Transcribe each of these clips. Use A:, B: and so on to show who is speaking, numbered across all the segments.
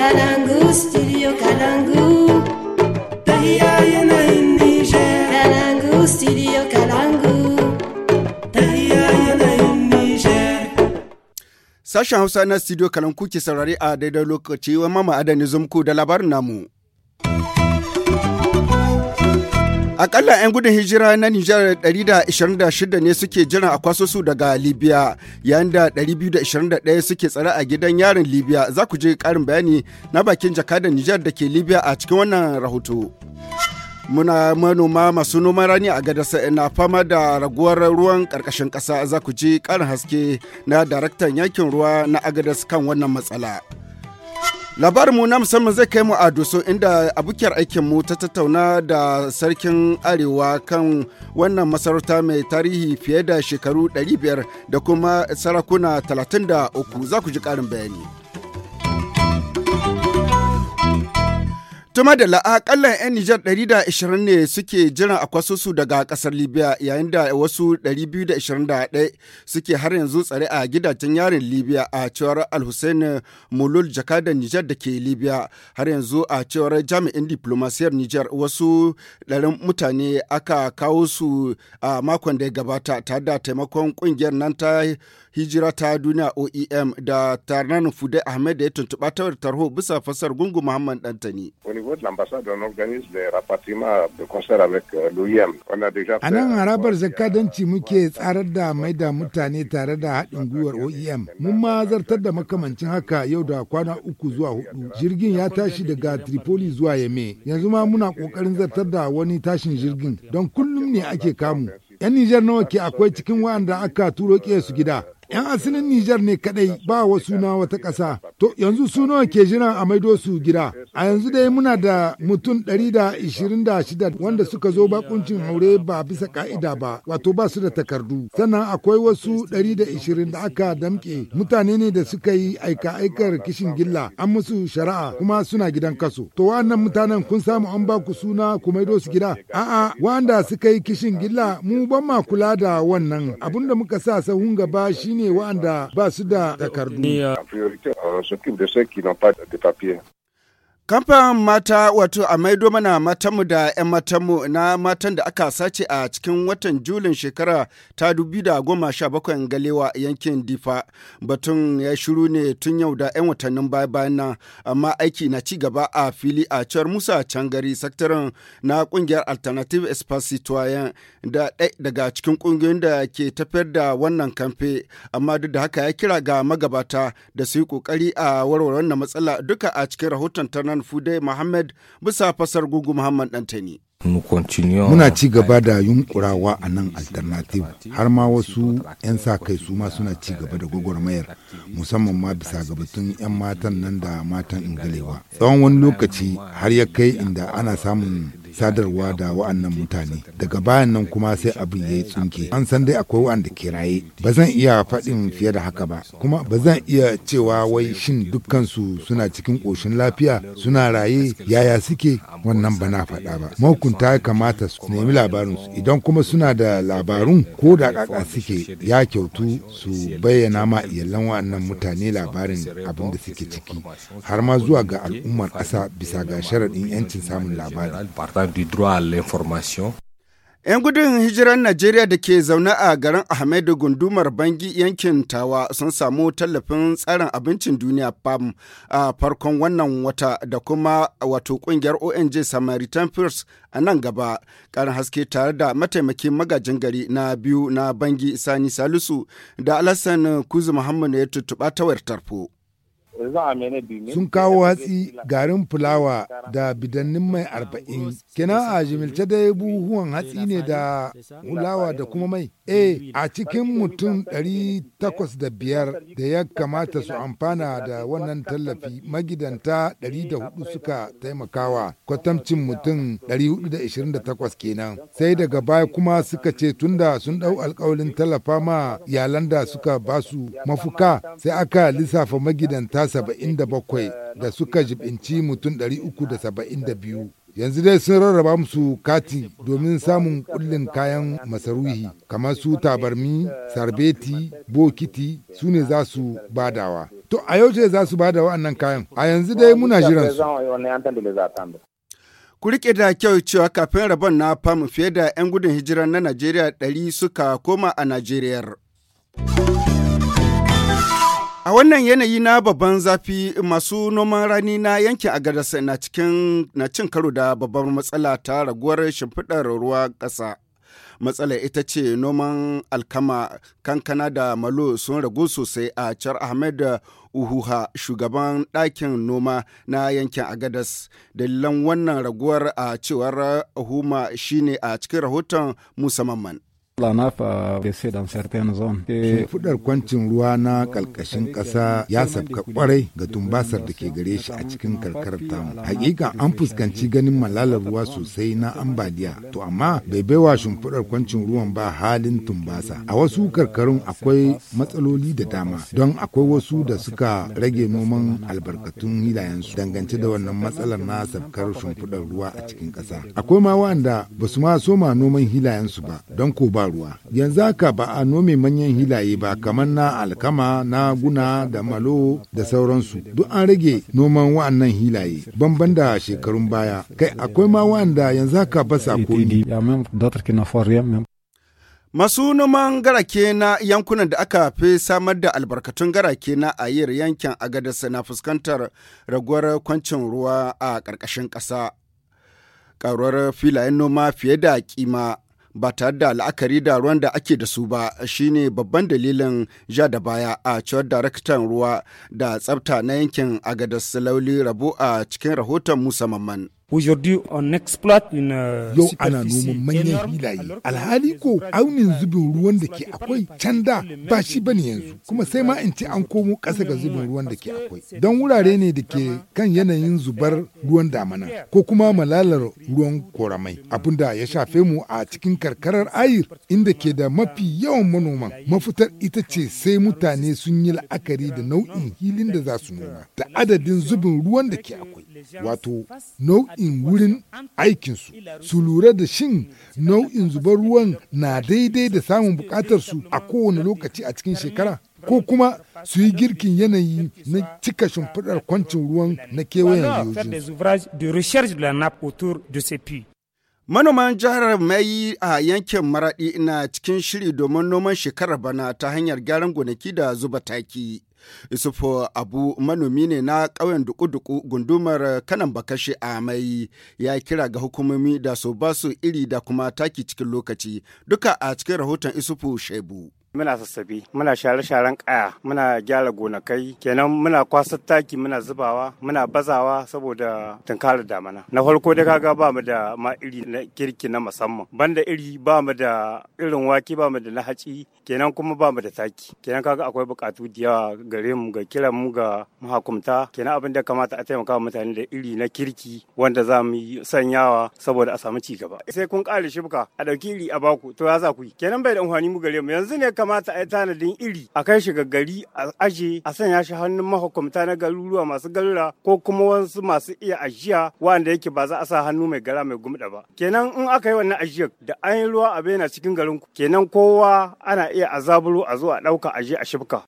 A: Kalangu, studio Kalangu. Tahiya yanayin Niger. Kalangu, studio Kalangu.
B: Tahiya yanayin Niger. Sashen Hausa na studio Kalangu ke saurari a daidai lokaci wa mama adani zumku da labarin namu. Akalla 'yan gudun hijira na Nijar 126 ne suke jiran a kwaso su daga Libya, yayin da 221 suke tsare a gidan yarin Libya. Za ku je ƙarin bayani na bakin jakadan Nijar da ke Libya a cikin wannan rahoto. muna manoma masu noma rani a gadasa na fama da raguwar ruwan karkashin ƙasa za ku ji ƙarin haske na daraktan yankin ruwa na agadas kan wannan matsala. mu na musamman zai kai mu a doso inda aikin mu ta tattauna da sarkin arewa kan wannan masarauta mai tarihi fiye da shekaru 500 da kuma sarakuna 33 za ku ji karin bayani. Tuma da la'akallan 'yan Nijar 120 ne suke jiran a daga kasar Libya yayin da wasu 221 suke har yanzu tsare a gidajen yarin Libya a cewar alhussein Mulul jakadan Nijar da ke Libya har yanzu a cewar jami'in diplomasiyar Nijar wasu ɗarin mutane aka kawo su a makon da ya gabata tare da taimakon ƙungiyar nan ta hijira ta duniya OEM da Tarnan Fude Ahmed da ya tuntuɓa ta tarho bisa fasar Gungu Muhammad Dantani.
C: de l'ambassade on organise des rapatriements de concert avec euh, l'OIM. On a déjà fait... nan euh, harabar zakadanci muke tsarar da mai da mutane tare da haɗin gwiwar OEM. Mun ma zartar da makamancin haka yau da kwana uku zuwa hudu. Jirgin ya tashi daga Tripoli zuwa Yame. Yanzu ma muna ƙoƙarin zartar da wani tashin jirgin don kullum ne ake kamu. 'Yan Nijar nawa ke akwai cikin waɗanda aka turo su gida. 'Yan asinin Nijar ne kadai ba wasu na wata ƙasa. To yanzu sunawa ke jiran a maido su gida. A yanzu dai muna da mutum 126 wanda suka zo bakuncin aure ba bisa ka'ida ba, wato ba su da takardu. Sannan akwai wasu 120 da aka damke mutane ne da suka yi aika-aikar kishin gilla an musu shari'a kuma suna gidan kaso. To wannan mutanen kun samu an ba ku suna ku maido su gida. A'a wanda suka yi kishin gilla mu ban ma kula da wannan abinda muka sa sahun gaba shine ne waɗanda ba su da takardu. Uh, Kamfan mata wato a maido mana
B: matanmu da 'yan matanmu na matan da aka sace a cikin watan Julin shekara ta bakwai galewa yankin Difa. Batun ya shiru ne tun yau da 'yan watannin baya bayan nan amma aiki na ci gaba a fili a cewar Musa Cangari sektarin na kungiyar Alternative Espacitoyen da daga cikin kungiyoyin da ke tafiyar da wannan kamfe amma duk da haka ya kira ga magabata da su yi kokari a warware wannan matsala duka a cikin rahoton ta Fudai Muhammad bisa fasar gugu Muhammad Dantani.
A: Muna
C: ci gaba da yunkurawa a nan alternative har ma wasu 'yan sa kai su ma suna ci gaba da gwagwarmayar musamman ma bisa ga batun 'yan matan nan da matan ingalewa. Tsawon wani lokaci har ya kai inda ana samun sadarwa da wa'annan mutane daga bayan nan kuma sai abin ya yi tsunke an san dai akwai wa'anda ke raye ba zan iya faɗin fiye da haka ba kuma ba zan iya cewa wai shin dukkansu suna cikin ƙoshin lafiya suna raye yaya suke wannan ba na faɗa ba mahukunta ya kamata su nemi labarinsu idan kuma suna da labarun ko da ƙaƙa suke ya kyautu su bayyana ma iyalan wa'annan mutane labarin abin da suke ciki har ma zuwa ga al'ummar ƙasa bisa ga sharaɗin 'yancin samun labari
A: du droit à l'information.
C: 'Yan gudun hijirar Najeriya da ke zaune
B: a garin Ahmedu gundumar Bangi yankin Tawa sun samu tallafin tsarin abincin duniya PAM a farkon wannan wata da kuma wato kungiyar ONG Samaritan First a nan gaba. Karin haske tare da mataimakin magajin gari na biyu na Bangi Sani Salisu da Alassan Kuzu Muhammadu ya tuttuɓa tawar tarfo.
A: sun kawo
C: hatsi garin fulawa da bidannin mai arba'in kina a jimilce dai buhuwan hatsi ne da fulawa da kuma mai e a cikin mutum 805 da ya kamata su amfana da wannan tallafi magidanta 400 suka taimakawa kwatamcin mutum 428 kenan sai daga baya kuma suka ce tunda sun dau alkawalin tallafa ma iyalan suka basu mafuka sai aka lissafa magidanta 77 da suka jibinci mutum 372. Yanzu dai sun rarraba musu kati domin samun kullin kayan masaruhi kamar su tabarmi, sarbeti, bokiti su ne za su badawa. To a yau ce za su bada wa'annan kayan. A yanzu dai muna jiran su. Ku rike
B: da kyau cewa kafin rabon na famu fiye da 'yan gudun hijira na Najeriya 100 suka koma a Najeriyar. A wannan yanayi na babban zafi masu noman rani na yankin Agadas na cikin na cin karo da babbar matsala ta raguwar shimfiɗar ruwa ƙasa. Matsala ita ce noman alkama kankana da malo sun ragu sosai a Char Ahmed Uhuha shugaban ɗakin noma na yankin Agadas. Dalilan wannan raguwar a cewar Huma shine a cikin rahoton Musa Mamman.
C: fa. da
A: sai dan certain zone.
C: Eh, shimfiɗar kwancin ruwa na kalkashin ƙasa ya sabka kwarai ga tumbasar da ke gare shi a cikin karkarar tamu. Hakika an fuskanci ganin malalar ruwa sosai na ambaliya, to amma bai baiwa shimfiɗar kwancin ruwan ba halin tumbasa. A wasu karkarun akwai matsaloli da dama, don akwai wasu da suka rage noman albarkatun hilayensu dangance da wannan matsalar na sabkar shimfiɗar ruwa a cikin ƙasa. Akwai ma wanda ba su ma soma noman su ba, don ko ba ruwa yanzu haka ba a nome manyan hilaye ba kamar na alkama na guna da malo da sauransu duk an rage noman wa'annan hilaye banban da shekarun baya kai akwai ma wa'anda yanzu haka ba sa Masu noman
B: garake na yankunan da aka fi samar da albarkatun garake na ayir yankin agadas na fuskantar raguwar kwancin ruwa a ƙarƙashin ƙasa. Ƙaruwar filayen noma fiye da kima ba tare da la'akari da ruwan da ake da su ba shine babban dalilin ja da baya a cewar daraktan ruwa da tsabta na yankin agadas lauli rabu a cikin rahoton musamman.
A: Aujourd'hui, on exploite une uh, Yau ana noman manyan filaye.
C: Alhali ko aunin zubin ruwan da ke akwai can da ba shi yanzu. Kuma sai ma in ce an komo ƙasa ga zubin ruwan da ke akwai. Don wurare ne da ke kan yanayin zubar ruwan damana ko kuma malalar ruwan koramai. Abin da ya shafe mu a cikin karkarar Ayir inda ke da mafi yawan manoman. Mafitar ita ce sai mutane sun yi la'akari da nau'in hilin da za su noma da adadin zubin ruwan da ke akwai. wato nau'in wurin aikinsu su lura da shin nau'in zubar ruwan na daidai da samun bukatarsu a kowane lokaci a cikin shekara ko kuma su yi girkin yanayi na cika shimfiɗar kwancin ruwan na kewayen
A: yau
B: Manoman jihar Mai a yankin Maraɗi na cikin shiri domin noman shekarar bana ta hanyar gyaran gonaki da zuba taki. Isufu Abu manomi ne na ƙauyen duku-duku gundumar kanan bakashi a mai ya kira ga hukumomi da su basu iri da kuma taki cikin lokaci duka a cikin rahoton Isufu Shebu.
A: muna sassabe muna share-sharen kaya muna gyara gonakai kenan muna kwasa taki muna zubawa muna bazawa saboda tunkarar damana na farko da kaga ba mu da ma iri na kirki na musamman banda iri ba mu da irin wake ba mu da na haci kenan kuma ba mu da taki kenan kaga akwai bukatu da yawa gare mu ga kiran mu ga mahakumta kenan abin da kamata a taimaka wa mutane da iri na kirki wanda za mu sanyawa saboda a samu ci gaba sai kun kare shibka a dauki iri a baku to ya za ku yi kenan bai da amfani mu gare mu yanzu ne kamata a yi tanadin iri a kai shi gari a aje a sanya shi hannun mahukumta na garuruwa masu garura ko kuma wasu masu iya ajiya wanda yake ba za a sa hannu mai gara mai gumda ba kenan in aka yi wannan ajiya da an yi ruwa a yana cikin garin kenan kowa ana iya azaburo a zo a ɗauka aje a shibka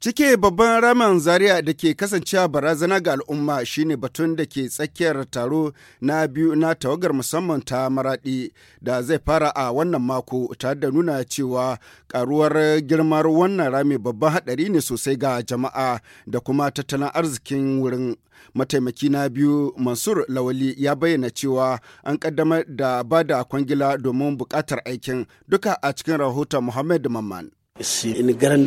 A: Cike babban ramin zaria da ke
B: kasancewa barazana ga al'umma shine batun da ke tsakiyar taro na biyu na tawagar musamman ta Maraɗi, da zai fara a wannan mako tare da nuna cewa karuwar girmar wannan rami babban haɗari ne sosai ga jama'a da kuma tattalin arzikin wurin mataimaki na biyu mansur lawali ya bayyana cewa an ƙaddamar da bada kwangila domin bukatar aikin duka a cikin rahoton muhammad mamman Babban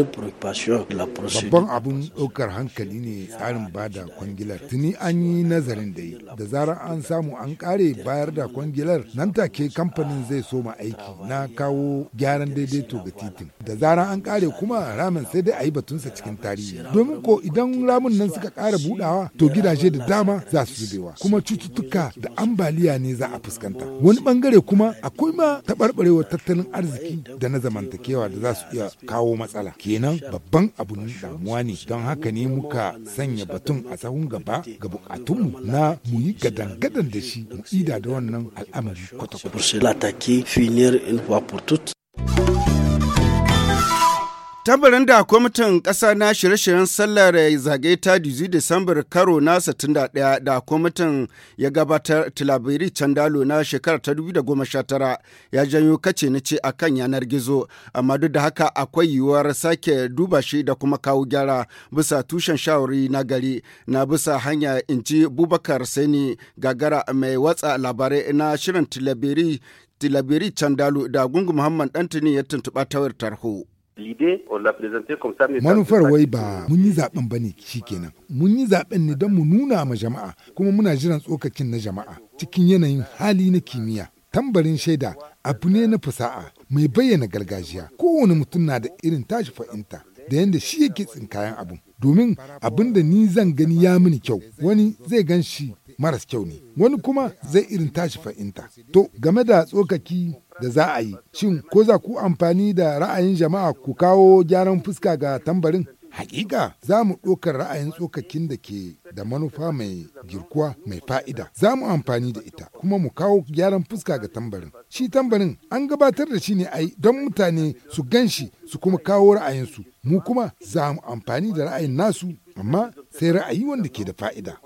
C: abun ɗaukar hankali ne tsarin bada kwangilar. Tuni an yi nazarin da yi, da zarar an samu an ƙare bayar da kwangilar nan take kamfanin zai soma aiki na kawo gyaran daidaito ga titin. Da zarar an ƙare kuma ramin sai dai a yi batunsa cikin tarihi. Domin ko idan ramin nan suka ƙara buɗawa to gidaje da dama za su zubewa. Kuma cututtuka da ambaliya ne za a fuskanta. Wani bangare kuma akwai ma taɓarɓarewar tattalin arziki da na zamantakewa da za su iya kawo matsala kenan babban abun damuwa ne don haka ne muka sanya batun a sahun gaba ga bukatunmu na mu yi gadan-gadan da shi mu ida da wannan al'amari
B: kwata-kwata Tambarin da kwamitin ƙasa na shirye-shiryen sallar zage ta Dizi Disambar karo na 61 da kwamitin ya gabatar tilabiri candalo na shekarar ta 2019 ya janyo kace na ce akan yanar gizo, amma duk da haka akwai yiwuwar sake duba shi da kuma kawo gyara bisa tushen shawari na gari na bisa hanya in ji Bubakar Sani gagara mai watsa labarai na shirin tilabiri Tilabiri Candalo da Gungu Muhammad Dantini ya tuntuɓa tawar
A: tarho. manufar wai
C: ba mun yi zaben bane kenan mun yi zaben ne don mu nuna ma jama'a kuma muna jiran tsokakin na jama'a cikin yanayin hali na kimiyya tambarin shaida abu ne na fasa'a mai bayyana gargajiya kowane mutum na da irin tashi fahimta da yadda shi yake tsinkayen abu, domin abin da ni zan gani ya mini kyau wani zai gan shi maras kyau ne wani kuma zai irin tashi fahimta to game da tsokaki da za a yi. Shin ko za ku amfani da ra'ayin jama'a ku kawo gyaran fuska ga tambarin? Hakika za mu ɗaukar ra'ayin tsokakin da ke da manufa mai girkuwa mai fa'ida. Za mu amfani da ita kuma mu kawo gyaran fuska ga tambarin. Shi tambarin an gabatar da shi ne ai don mutane su gan shi su kuma kawo ra'ayinsu. Mu kuma za mu amfani da ra'ayin nasu amma sai ra'ayi wanda ke da fa'ida.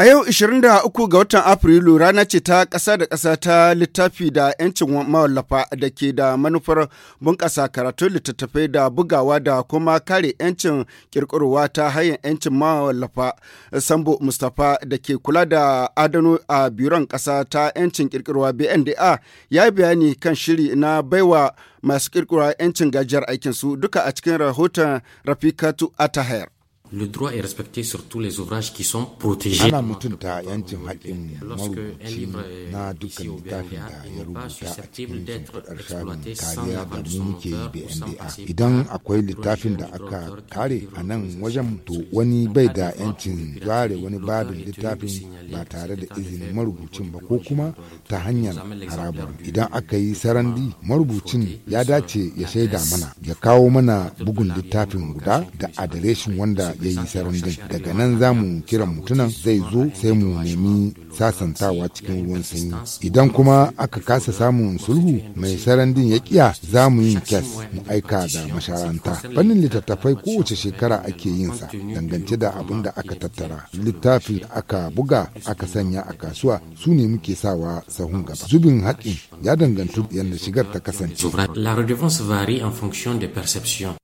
C: A yau
B: 23 ga watan Afrilu rana ce ta ƙasa da ƙasa ta littafi da 'yancin mawallafa da ke da manufar bunƙasa karatun littattafai da bugawa da kuma kare 'yancin ƙirƙirwa ta hanyar 'yancin mawallafa Sambo Mustapha da ke kula da adano a biron ƙasa ta 'yancin ƙirƙirwa BNDA ya bayani kan shiri na baiwa masu ƙirƙirwa 'yancin gajiyar aikinsu duka a cikin rahoton
C: Rafikatu Ataher. Le droit est respecté sur tous les ouvrages qui sont protégés. Ana mutunta yancin haƙƙin marubuci na dukkan littafin da ya rubuta a cikin shimfiɗar shafin kariya da mu muke yi BNDA. Idan akwai littafin da aka kare a nan wajen to wani bai da yancin ware wani babin littafin ba tare da izinin marubucin ba ko kuma ta hanyar harabar. Idan aka yi sarandi marubucin ya dace ya shaida mana ya kawo mana bugun littafin guda da adireshin wanda ya yi sarandin daga nan za mu kira mutunan zai zo sai mu nemi sasantawa cikin ruwan sanyi idan kuma aka kasa samun sulhu mai sarandin ya kiya za mu yi kes mu aika da masharanta fannin littattafai kowace shekara ake yin sa dangance da abin da aka tattara littafi aka buga aka sanya a kasuwa su ne muke sawa sahun gaba zubin haƙin ya dangantu yadda
A: shigar ta kasance La redevance varie en fonction de perception.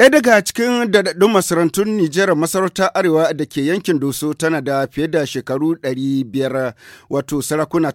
C: Ɗaya daga
B: cikin daɗaɗɗun masarantun Nijar masarautar Arewa da ke yankin Doso tana da fiye da shekaru 500 wato sarakuna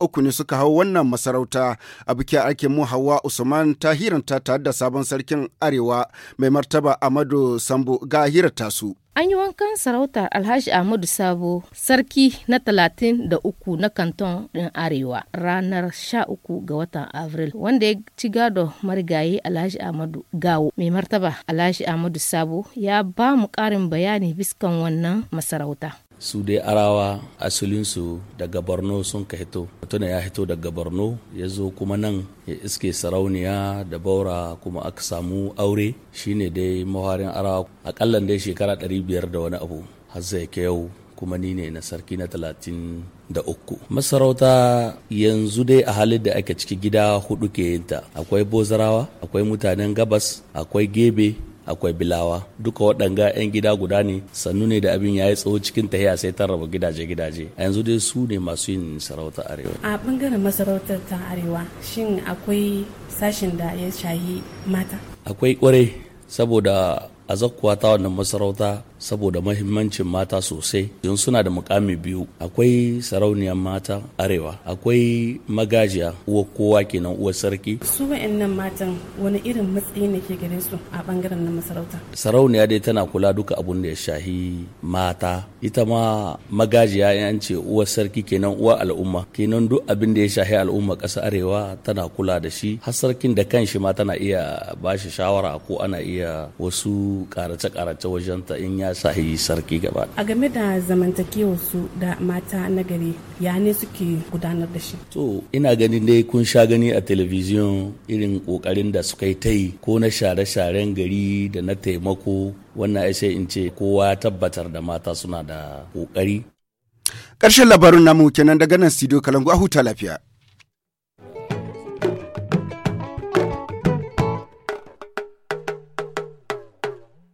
B: uku ne suka hau wannan masarauta a bikin aikin mu Hawa Usman ta hiranta tare da sabon sarkin Arewa mai martaba Amadu Sambo ga hirarta su.
C: An yi wankan sarautar Alhaji Ahmadu Sabo, sarki na 33 na kanton din Arewa ranar 13 ga watan Avril, wanda ya ci gado marigayi Alhaji Ahmadu Gawo. Mai martaba Alhaji Ahmadu Sabo ya ba mu ƙarin bayani biskan wannan masarauta.
D: su dai arawa asalinsu daga borno sun ka hito tuna ya hito daga borno ya zo kuma nan ya iske sarauniya da baura kuma aka samu aure shine dai maharin arawa akalla dai shekara 500 da wani abu har zai ke yau kuma ni ne na sarki na talatin da uku. Masarauta yanzu dai a halin da ake ciki gida hudu ke yinta. Akwai Bozarawa, akwai mutanen gabas, akwai Gebe, akwai bilawa duka waɗanga 'yan gida guda ne sannu ne da abin ya yi tsawo cikin tahiya sai ta raba gidaje-gidaje a yanzu dai su ne masu yin sarauta arewa a bangaren masarautar ta arewa
B: shin akwai sashen da ya shahi mata
D: akwai kwarai saboda a zakkuwa ta wannan masarauta saboda mahimmancin mata sosai yin suna da mukami biyu akwai sarauniyar mata arewa akwai magajiya uwa kowa kenan uwa sarki su
B: wa'annan matan wani irin matsayi ne ke gare su a bangaren na masarauta
D: sarauniya dai tana kula duka abun da ya shahi mata ita ma magajiya yan ce uwa sarki kenan uwa al'umma kenan duk abin da ya shahi al'umma ƙasa arewa tana kula da shi har sarkin da kanshi ma tana iya bashi shawara ko ana iya wasu karace-karace wajen ta in ya sahi sarki gaba
B: a game da zamantakewar su
D: da mata na gari ya ne suke gudanar da shi to ina ganin dai kun sha gani a telebijin irin kokarin da suka yi ta yi ko na share-sharen gari da na taimako wannan ashe in ce kowa tabbatar da mata suna da kokari
B: karshen labarun namu kenan daga nan studio kalangu a huta lafiya